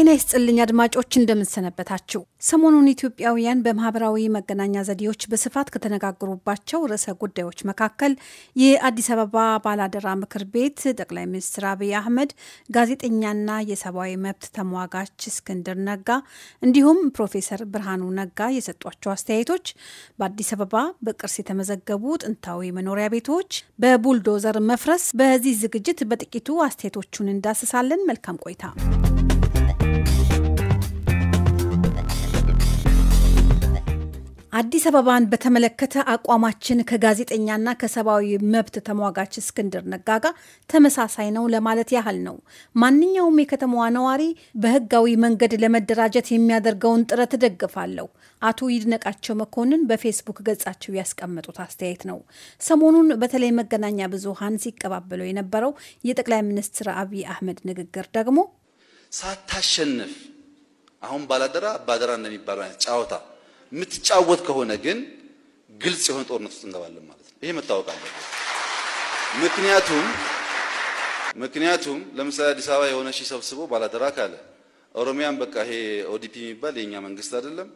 ጤና ይስጥልኝ አድማጮች፣ እንደምንሰነበታችሁ። ሰሞኑን ኢትዮጵያውያን በማህበራዊ መገናኛ ዘዴዎች በስፋት ከተነጋገሩባቸው ርዕሰ ጉዳዮች መካከል የአዲስ አበባ ባላደራ ምክር ቤት ጠቅላይ ሚኒስትር አብይ አህመድ፣ ጋዜጠኛና የሰብአዊ መብት ተሟጋች እስክንድር ነጋ እንዲሁም ፕሮፌሰር ብርሃኑ ነጋ የሰጧቸው አስተያየቶች በአዲስ አበባ በቅርስ የተመዘገቡ ጥንታዊ መኖሪያ ቤቶች በቡልዶዘር መፍረስ፣ በዚህ ዝግጅት በጥቂቱ አስተያየቶቹን እንዳስሳለን። መልካም ቆይታ አዲስ አበባን በተመለከተ አቋማችን ከጋዜጠኛና ከሰብአዊ መብት ተሟጋች እስክንድር ነጋ ጋር ተመሳሳይ ነው ለማለት ያህል ነው። ማንኛውም የከተማዋ ነዋሪ በህጋዊ መንገድ ለመደራጀት የሚያደርገውን ጥረት እደግፋለሁ። አቶ ይድነቃቸው መኮንን በፌስቡክ ገጻቸው ያስቀመጡት አስተያየት ነው። ሰሞኑን በተለይ መገናኛ ብዙሃን ሲቀባበለው የነበረው የጠቅላይ ሚኒስትር አብይ አህመድ ንግግር ደግሞ ሳታሸንፍ አሁን ባላደራ አባደራ እንደሚባለው አይነት ጨዋታ የምትጫወት ከሆነ ግን ግልጽ የሆነ ጦርነት ውስጥ እንገባለን ማለት ነው። ይሄ መታወቅ አለበት። ምክንያቱም ምክንያቱም ለምሳሌ አዲስ አበባ የሆነ ሺህ ሰብስቦ ባላደራ ካለ ኦሮሚያን በቃ ይሄ ኦዲፒ የሚባል የኛ መንግስት አይደለም፣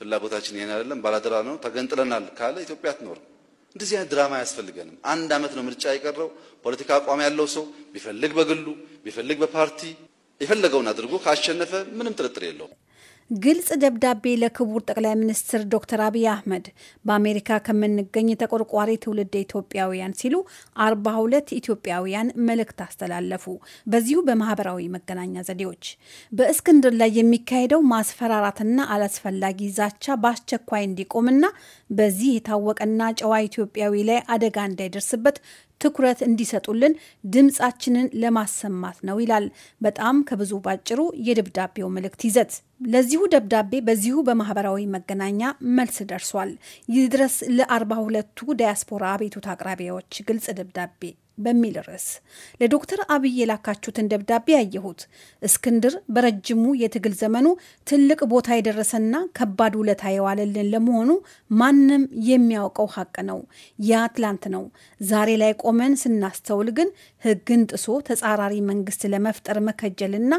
ፍላጎታችን ይሄን አይደለም፣ ባላደራ ነው፣ ተገንጥለናል ካለ ኢትዮጵያ አትኖርም። እንደዚህ አይነት ድራማ አያስፈልገንም። አንድ አመት ነው ምርጫ የቀረው። ፖለቲካ አቋም ያለው ሰው ቢፈልግ በግሉ ቢፈልግ በፓርቲ የፈለገውን አድርጎ ካሸነፈ ምንም ጥርጥር የለውም። ግልጽ ደብዳቤ ለክቡር ጠቅላይ ሚኒስትር ዶክተር አብይ አህመድ በአሜሪካ ከምንገኝ ተቆርቋሪ ትውልድ ኢትዮጵያውያን ሲሉ አርባ ሁለት ኢትዮጵያውያን መልእክት አስተላለፉ። በዚሁ በማህበራዊ መገናኛ ዘዴዎች በእስክንድር ላይ የሚካሄደው ማስፈራራትና አላስፈላጊ ዛቻ በአስቸኳይ እንዲቆምና በዚህ የታወቀና ጨዋ ኢትዮጵያዊ ላይ አደጋ እንዳይደርስበት ትኩረት እንዲሰጡልን ድምፃችንን ለማሰማት ነው ይላል። በጣም ከብዙ ባጭሩ የደብዳቤው መልእክት ይዘት። ለዚሁ ደብዳቤ በዚሁ በማህበራዊ መገናኛ መልስ ደርሷል። ድረስ ለአርባ ሁለቱ ዲያስፖራ አቤቱታ አቅራቢዎች ግልጽ ደብዳቤ በሚል ርዕስ ለዶክተር አብይ የላካችሁትን ደብዳቤ ያየሁት። እስክንድር በረጅሙ የትግል ዘመኑ ትልቅ ቦታ የደረሰና ከባድ ውለታ የዋለልን ለመሆኑ ማንም የሚያውቀው ሀቅ ነው። ያ ትላንት ነው። ዛሬ ላይ ቆመን ስናስተውል ግን ሕግን ጥሶ ተጻራሪ መንግስት ለመፍጠር መከጀልና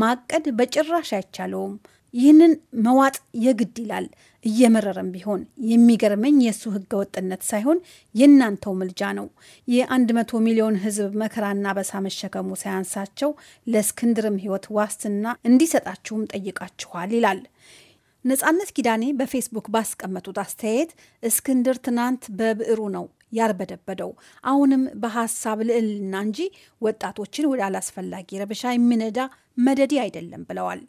ማቀድ በጭራሽ አይቻለውም። ይህንን መዋጥ የግድ ይላል። እየመረረም ቢሆን የሚገርመኝ የእሱ ህገወጥነት ሳይሆን የእናንተው ምልጃ ነው። የ100 ሚሊዮን ህዝብ መከራና በሳ መሸከሙ ሳያንሳቸው ለእስክንድርም ህይወት ዋስትና እንዲሰጣችሁም ጠይቃችኋል ይላል። ነጻነት ኪዳኔ በፌስቡክ ባስቀመጡት አስተያየት እስክንድር ትናንት በብዕሩ ነው ያርበደበደው አሁንም በሀሳብ ልዕልና እንጂ ወጣቶችን ወደ አላስፈላጊ ረብሻ የሚነዳ መደዴ አይደለም ብለዋል።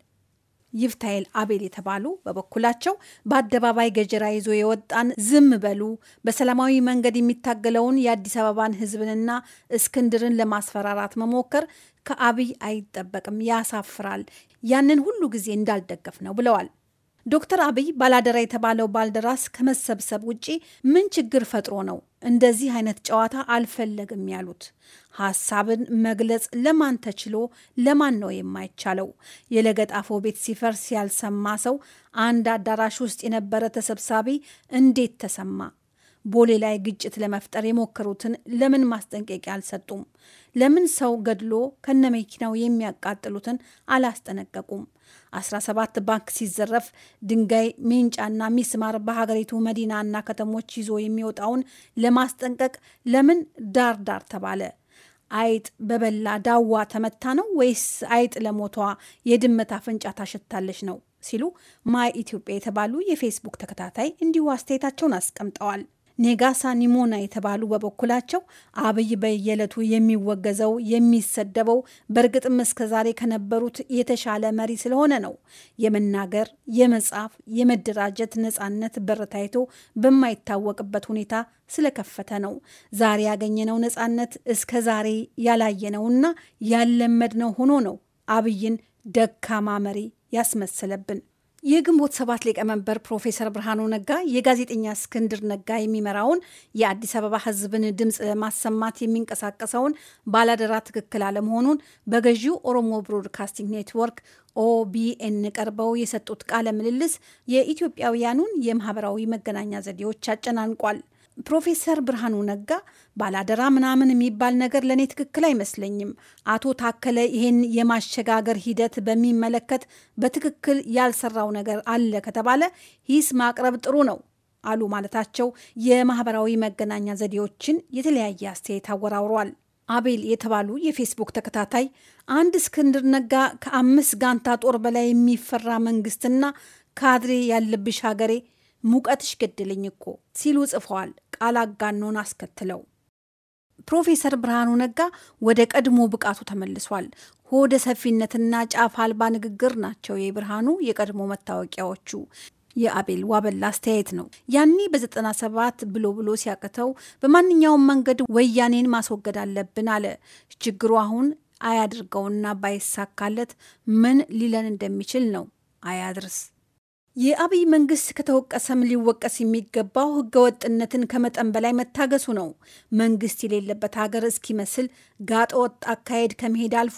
ይፍታይል አቤል የተባሉ በበኩላቸው በአደባባይ ገጀራ ይዞ የወጣን ዝም በሉ፣ በሰላማዊ መንገድ የሚታገለውን የአዲስ አበባን ሕዝብንና እስክንድርን ለማስፈራራት መሞከር ከአብይ አይጠበቅም፣ ያሳፍራል። ያንን ሁሉ ጊዜ እንዳልደገፍ ነው ብለዋል። ዶክተር አብይ ባላደራ የተባለው ባልደራስ ከመሰብሰብ ውጪ ምን ችግር ፈጥሮ ነው እንደዚህ አይነት ጨዋታ አልፈለግም ያሉት? ሀሳብን መግለጽ ለማን ተችሎ ለማን ነው የማይቻለው? የለገጣፎ ቤት ሲፈርስ ያልሰማ ሰው አንድ አዳራሽ ውስጥ የነበረ ተሰብሳቢ እንዴት ተሰማ? ቦሌ ላይ ግጭት ለመፍጠር የሞከሩትን ለምን ማስጠንቀቂያ አልሰጡም? ለምን ሰው ገድሎ ከነመኪናው የሚያቃጥሉትን አላስጠነቀቁም? 17 ባንክ ሲዘረፍ ድንጋይ ሜንጫና ሚስማር በሀገሪቱ መዲናና ከተሞች ይዞ የሚወጣውን ለማስጠንቀቅ ለምን ዳር ዳር ተባለ? አይጥ በበላ ዳዋ ተመታ ነው ወይስ አይጥ ለሞቷ የድመት አፍንጫ ታሸታለች ነው ሲሉ ማይ ኢትዮጵያ የተባሉ የፌስቡክ ተከታታይ እንዲሁ አስተያየታቸውን አስቀምጠዋል። ኔጋሳ ኒሞና የተባሉ በበኩላቸው አብይ በየዕለቱ የሚወገዘው የሚሰደበው በእርግጥም እስከዛሬ ከነበሩት የተሻለ መሪ ስለሆነ ነው። የመናገር የመጻፍ፣ የመደራጀት ነጻነት በር ታይቶ በማይታወቅበት ሁኔታ ስለከፈተ ነው። ዛሬ ያገኘነው ነጻነት እስከዛሬ ያላየነውና ያለመድነው ሆኖ ነው አብይን ደካማ መሪ ያስመሰለብን። የግንቦት ሰባት ሊቀመንበር ፕሮፌሰር ብርሃኑ ነጋ የጋዜጠኛ እስክንድር ነጋ የሚመራውን የአዲስ አበባ ሕዝብን ድምፅ ለማሰማት የሚንቀሳቀሰውን ባላደራ ትክክል አለመሆኑን በገዢው ኦሮሞ ብሮድካስቲንግ ኔትወርክ ኦቢኤን ቀርበው የሰጡት ቃለ ምልልስ የኢትዮጵያውያኑን የማህበራዊ መገናኛ ዘዴዎች አጨናንቋል። ፕሮፌሰር ብርሃኑ ነጋ ባላደራ ምናምን የሚባል ነገር ለእኔ ትክክል አይመስለኝም። አቶ ታከለ ይሄን የማሸጋገር ሂደት በሚመለከት በትክክል ያልሰራው ነገር አለ ከተባለ ሂስ ማቅረብ ጥሩ ነው አሉ ማለታቸው የማህበራዊ መገናኛ ዘዴዎችን የተለያየ አስተያየት አወራውሯል። አቤል የተባሉ የፌስቡክ ተከታታይ አንድ እስክንድር ነጋ ከአምስት ጋንታ ጦር በላይ የሚፈራ መንግስትና ካድሬ ያለብሽ ሀገሬ ሙቀትሽ ገድልኝ እኮ ሲሉ ጽፈዋል። ቃል አጋኖን አስከትለው ፕሮፌሰር ብርሃኑ ነጋ ወደ ቀድሞ ብቃቱ ተመልሷል። ሆደ ሰፊነትና ጫፍ አልባ ንግግር ናቸው የብርሃኑ የቀድሞ መታወቂያዎቹ። የአቤል ዋበላ አስተያየት ነው። ያኔ በ97 ብሎ ብሎ ሲያቅተው በማንኛውም መንገድ ወያኔን ማስወገድ አለብን አለ። ችግሩ አሁን አያድርገውና ባይሳካለት ምን ሊለን እንደሚችል ነው። አያድርስ የአብይ መንግስት ከተወቀሰም ሊወቀስ የሚገባው ህገወጥነትን ከመጠን በላይ መታገሱ ነው። መንግስት የሌለበት ሀገር እስኪመስል ጋጠ ወጥ አካሄድ ከመሄድ አልፎ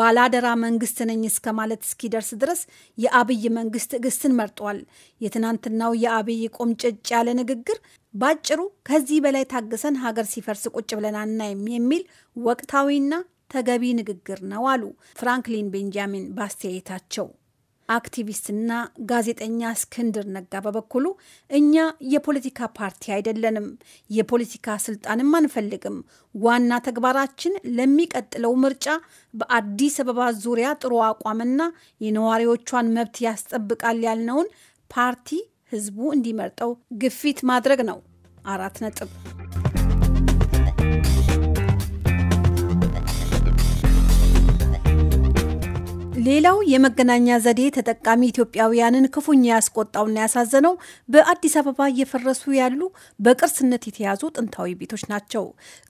ባላደራ መንግስት ነኝ እስከ ማለት እስኪደርስ ድረስ የአብይ መንግስት ትዕግስትን መርጧል። የትናንትናው የአብይ ቆምጨጭ ያለ ንግግር ባጭሩ ከዚህ በላይ ታግሰን ሀገር ሲፈርስ ቁጭ ብለን አናይም የሚል ወቅታዊና ተገቢ ንግግር ነው አሉ ፍራንክሊን ቤንጃሚን በአስተያየታቸው። አክቲቪስትና ጋዜጠኛ እስክንድር ነጋ በበኩሉ እኛ የፖለቲካ ፓርቲ አይደለንም፣ የፖለቲካ ስልጣንም አንፈልግም። ዋና ተግባራችን ለሚቀጥለው ምርጫ በአዲስ አበባ ዙሪያ ጥሩ አቋምና የነዋሪዎቿን መብት ያስጠብቃል ያልነውን ፓርቲ ህዝቡ እንዲመርጠው ግፊት ማድረግ ነው። አራት ነጥብ ሌላው የመገናኛ ዘዴ ተጠቃሚ ኢትዮጵያውያንን ክፉኛ ያስቆጣውና ያሳዘነው በአዲስ አበባ እየፈረሱ ያሉ በቅርስነት የተያዙ ጥንታዊ ቤቶች ናቸው።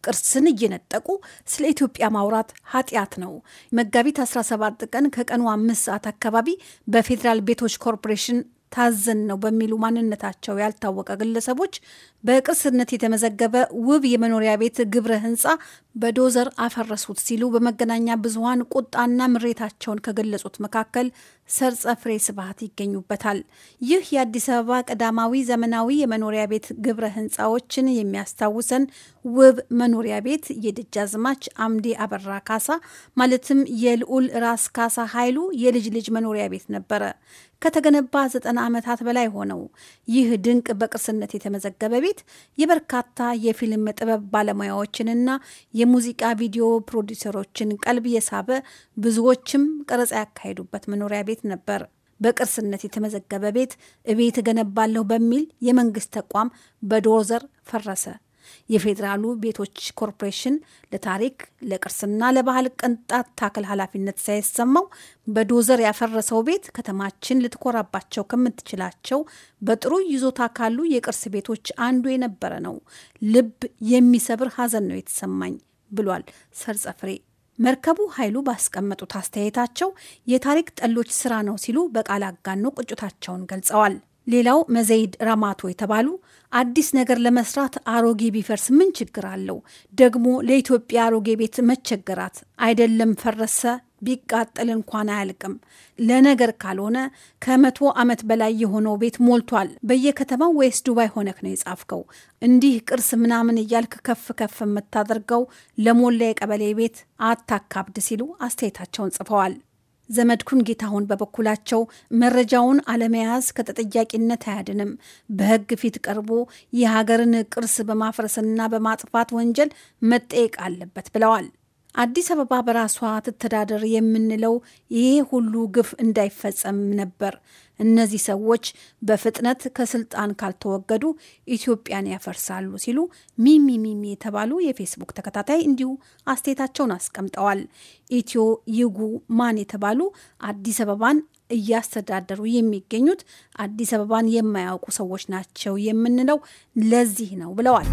ቅርስን እየነጠቁ ስለ ኢትዮጵያ ማውራት ኃጢአት ነው። መጋቢት 17 ቀን ከቀኑ አምስት ሰዓት አካባቢ በፌዴራል ቤቶች ኮርፖሬሽን ታዘን ነው በሚሉ ማንነታቸው ያልታወቀ ግለሰቦች በቅርስነት የተመዘገበ ውብ የመኖሪያ ቤት ግብረ ህንፃ። በዶዘር አፈረሱት ሲሉ በመገናኛ ብዙኃን ቁጣና ምሬታቸውን ከገለጹት መካከል ሰርጸ ፍሬ ስብሐት ይገኙበታል። ይህ የአዲስ አበባ ቀዳማዊ ዘመናዊ የመኖሪያ ቤት ግብረ ሕንፃዎችን የሚያስታውሰን ውብ መኖሪያ ቤት የደጃዝማች አምዴ አበራ ካሳ ማለትም የልዑል ራስ ካሳ ኃይሉ የልጅ ልጅ መኖሪያ ቤት ነበረ። ከተገነባ ዘጠና ዓመታት በላይ ሆነው። ይህ ድንቅ በቅርስነት የተመዘገበ ቤት የበርካታ የፊልም ጥበብ ባለሙያዎችንና የሙዚቃ ቪዲዮ ፕሮዲሰሮችን ቀልብ የሳበ ብዙዎችም ቀረጻ ያካሄዱበት መኖሪያ ቤት ነበር። በቅርስነት የተመዘገበ ቤት እቤት እገነባለሁ በሚል የመንግስት ተቋም በዶዘር ፈረሰ። የፌዴራሉ ቤቶች ኮርፖሬሽን ለታሪክ ለቅርስና ለባህል ቅንጣት ታክል ኃላፊነት ሳይሰማው በዶዘር ያፈረሰው ቤት ከተማችን ልትኮራባቸው ከምትችላቸው በጥሩ ይዞታ ካሉ የቅርስ ቤቶች አንዱ የነበረ ነው። ልብ የሚሰብር ሀዘን ነው የተሰማኝ። ብሏል ሰርጸፍሬ። መርከቡ ኃይሉ ባስቀመጡት አስተያየታቸው የታሪክ ጠሎች ስራ ነው ሲሉ በቃል አጋኖ ቁጭታቸውን ገልጸዋል። ሌላው መዘይድ ራማቶ የተባሉ አዲስ ነገር ለመስራት አሮጌ ቢፈርስ ምን ችግር አለው? ደግሞ ለኢትዮጵያ አሮጌ ቤት መቸገራት አይደለም ፈረሰ ቢቃጠል እንኳን አያልቅም። ለነገር ካልሆነ ከመቶ ዓመት በላይ የሆነው ቤት ሞልቷል። በየከተማው ወይስ ዱባይ ሆነክ ነው የጻፍከው? እንዲህ ቅርስ ምናምን እያልክ ከፍ ከፍ የምታደርገው ለሞላ የቀበሌ ቤት አታካብድ ሲሉ አስተያየታቸውን ጽፈዋል። ዘመድኩን ጌታሁን በበኩላቸው መረጃውን አለመያዝ ከተጠያቂነት አያድንም። በሕግ ፊት ቀርቦ የሀገርን ቅርስ በማፍረስና በማጥፋት ወንጀል መጠየቅ አለበት ብለዋል። አዲስ አበባ በራሷ ትተዳደር የምንለው ይሄ ሁሉ ግፍ እንዳይፈጸም ነበር። እነዚህ ሰዎች በፍጥነት ከስልጣን ካልተወገዱ ኢትዮጵያን ያፈርሳሉ ሲሉ ሚሚሚሚ የተባሉ የፌስቡክ ተከታታይ እንዲሁ አስተያየታቸውን አስቀምጠዋል። ኢትዮ ይጉ ማን የተባሉ አዲስ አበባን እያስተዳደሩ የሚገኙት አዲስ አበባን የማያውቁ ሰዎች ናቸው የምንለው ለዚህ ነው ብለዋል።